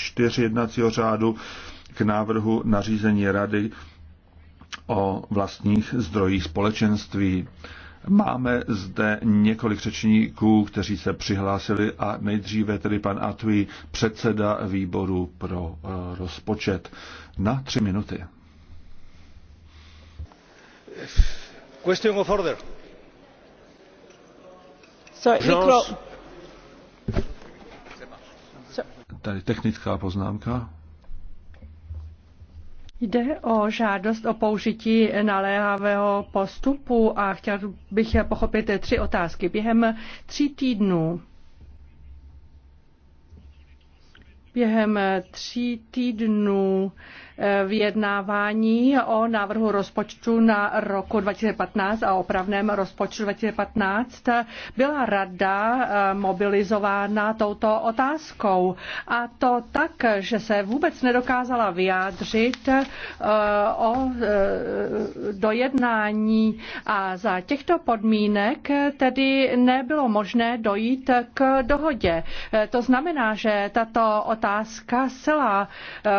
4 jednacího řádu k návrhu nařízení Rady o vlastních zdrojích společenství. Máme zde několik řečníků, kteří se přihlásili a nejdříve tedy pan Atvi, předseda výboru pro eh, rozpočet, na tři minuty. Question of order. Sorry, Tady technická poznámka. Jde o žádost o použití naléhavého postupu a chtěl bych pochopit tři otázky. Během tří týdnů během tří týdnů vyjednávání o návrhu rozpočtu na roku 2015 a opravném rozpočtu 2015 byla rada eh, mobilizována touto otázkou. A to tak, že se vůbec nedokázala vyjádřit eh, o eh, dojednání a za těchto podmínek tedy nebylo možné dojít k dohodě. To znamená, že tato otázka zcela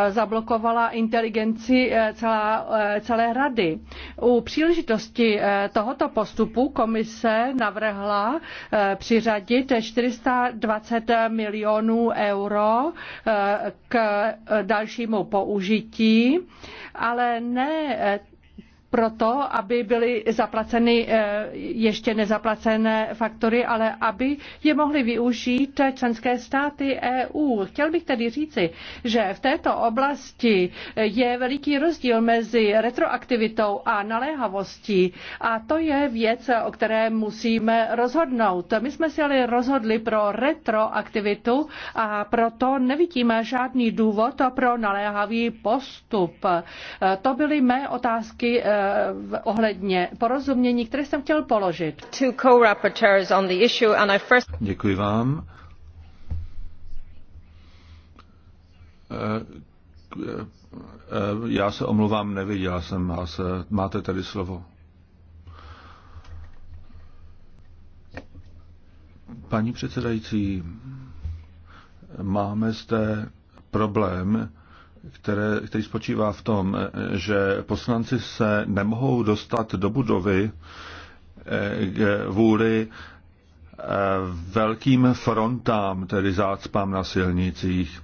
zablokovala inteligenci eh, celá, eh, celé rady. U příležitosti eh, tohoto postupu komise navrhla přiřadit 420 milionů euro k dalšímu použití, ale ne proto, aby byly zaplaceny eh, ještě nezaplacené faktory, ale aby je mohly využít členské státy EU. Chtěl bych tedy říci, že v této oblasti eh, je veliký rozdíl mezi retroaktivitou a naléhavostí a to je věc, o které musíme rozhodnout. My jsme si ale rozhodli pro retroaktivitu a proto nevidíme žádný důvod pro naléhavý postup. Eh, to byly mé otázky ohledně porozumění, které jsem chtěl položit. Děkuji vám. Eh, eh, já se omluvám, neviděl jsem vás. Eh, máte tady slovo. Paní předsedající, máme zde problém, které, který spočívá v tom, že poslanci se nemohou dostat do budovy eh, eh, vůli eh, velkým frontám, tedy zácpám na silnicích.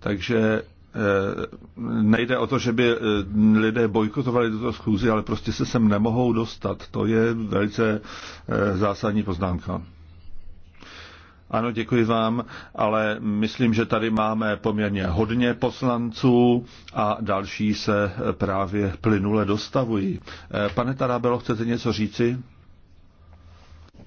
Takže nejde o to, že by lidé bojkotovali tuto schůzi, ale prostě se sem nemohou dostat. To je velice zásadní poznámka. Ano, děkuji vám, ale myslím, že tady máme poměrně hodně poslanců a další se právě plynule dostavují. Eh, pane Tarabelo, chcete něco říci?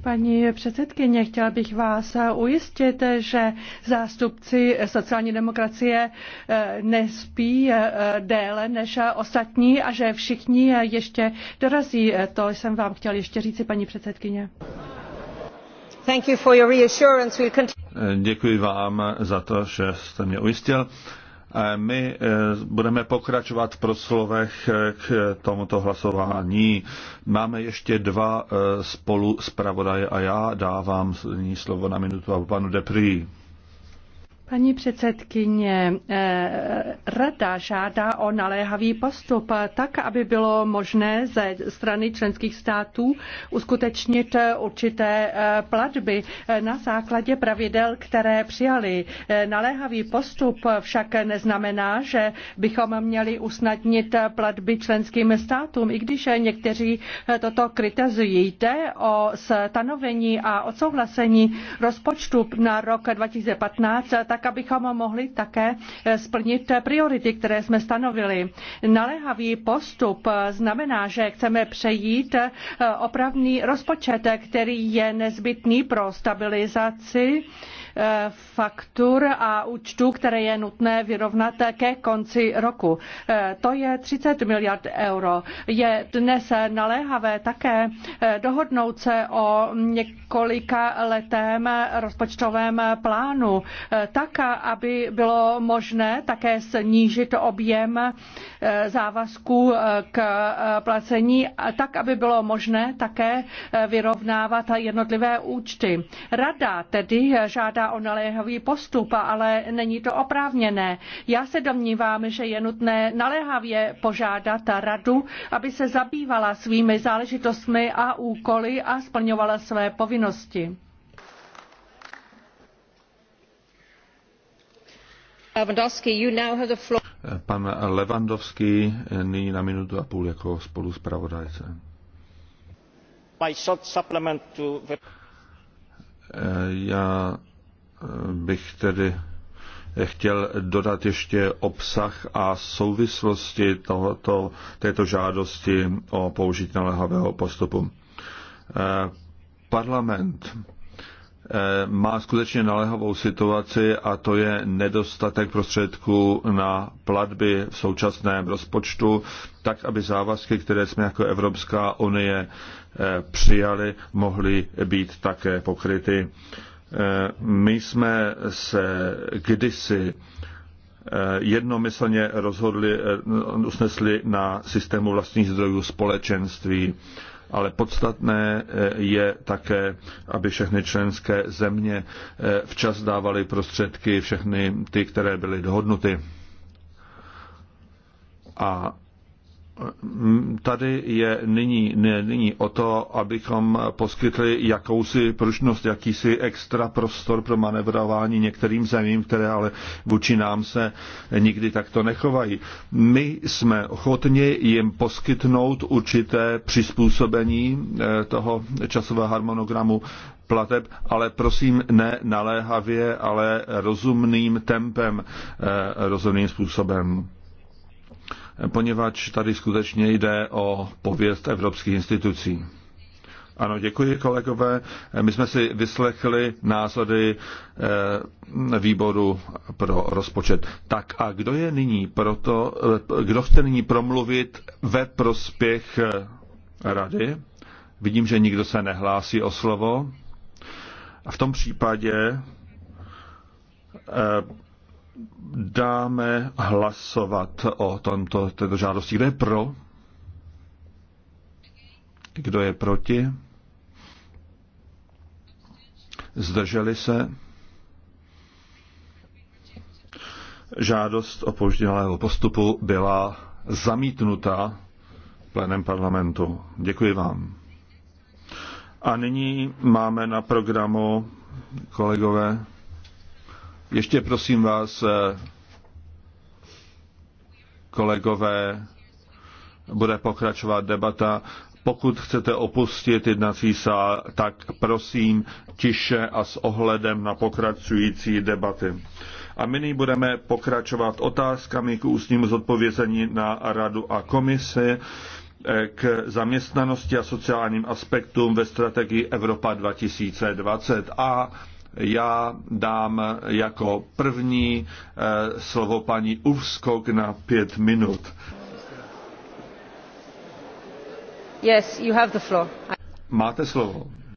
Paní předsedkyně, chtěla bych vás eh, ujistit, že zástupci sociální demokracie eh, nespí déle než ostatní a že všichni ještě dorazí. To jsem vám chtěla ještě říci, paní předsedkyně. Eh, děkuji vám za to, že jste mě ujistil. Eh, my eh, budeme pokračovat v proslovech k tomuto hlasování. Máme ještě dva spolu zpravodaje a já dávám slovo na minutu panu Deprý. Paní předsedkyně, eh, Rada žádá o naléhavý postup tak, aby bylo možné ze strany členských států uskutečnit určité eh, platby eh, na základě pravidel, které přijali. Naléhavý postup však neznamená, že bychom měli usnadnit platby členským státům, i když někteří toto kritizují. Jde o stanovení a odsouhlasení rozpočtu na rok 2015, tak tak abychom mohli také eh, splnit priority, které jsme stanovili. Naléhavý postup eh, znamená, že chceme přejít eh, opravný rozpočet, který je nezbytný pro stabilizaci Eh, faktur a účtů, které je nutné vyrovnat ke konci roku. Eh, to je 30 miliard euro. Je dnes naléhavé také eh, dohodnout se o několika letém rozpočtovém plánu, tak, aby bylo možné také snížit objem závazků k placení, tak, aby bylo možné také vyrovnávat jednotlivé účty. Rada tedy žádá žádá o naléhavý postup, ale není to oprávněné. Já se domnívám, že je nutné naléhavě požádat radu, aby se zabývala svými záležitostmi a úkoly a splňovala své povinnosti. Pan Levandovský nyní na minutu a půl jako spolu zpravodajce. Já bych tedy chtěl dodat ještě obsah a souvislosti tohoto, této žádosti o použití naléhavého postupu. E, parlament e, má skutečně naléhavou situaci a to je nedostatek prostředků na platby v současném rozpočtu, tak aby závazky, které jsme jako Evropská unie e, přijali, mohly být také pokryty. My jsme se kdysi eh, jednomyslně rozhodli, eh, usnesli na systému vlastních zdrojů společenství, ale podstatné eh, je také, aby všechny členské země včas dávaly prostředky, všechny ty, které byly dohodnuty. A tady je nyní, ne, nyní o to, abychom poskytli jakousi pružnost, jakýsi extra prostor pro manevrování některým zemím, které ale vůči nám se nikdy takto nechovají. My jsme ochotni jim poskytnout určité přizpůsobení eh, toho časového harmonogramu plateb, ale prosím ne naléhavě, ale rozumným tempem, eh, rozumným způsobem poněvadž tady skutečně jde o pověst evropských institucí. Ano, děkuji kolegové. My jsme si vyslechli názory eh, výboru pro rozpočet. Tak a kdo je nyní proto, eh, kdo chce nyní promluvit ve prospěch eh, rady? Vidím, že nikdo se nehlásí o slovo. A v tom případě dáme hlasovat o tomto, této žádosti. Kdo je pro? Kdo je proti? Zdrželi se? Žádost o použitelného postupu byla zamítnuta plénem parlamentu. Děkuji vám. A nyní máme na programu, kolegové, ještě prosím vás, eh, kolegové, bude pokračovat debata. Pokud chcete opustit jednací sál, tak prosím tiše a s ohledem na pokračující debaty. A my nyní budeme pokračovat otázkami k ústnímu zodpovězení na radu a komisi eh, k zaměstnanosti a sociálním aspektům ve strategii Evropa 2020. A já dám jako první eh, slovo paní Uvskok na pět minut. Yes, you have the floor. Máte slovo.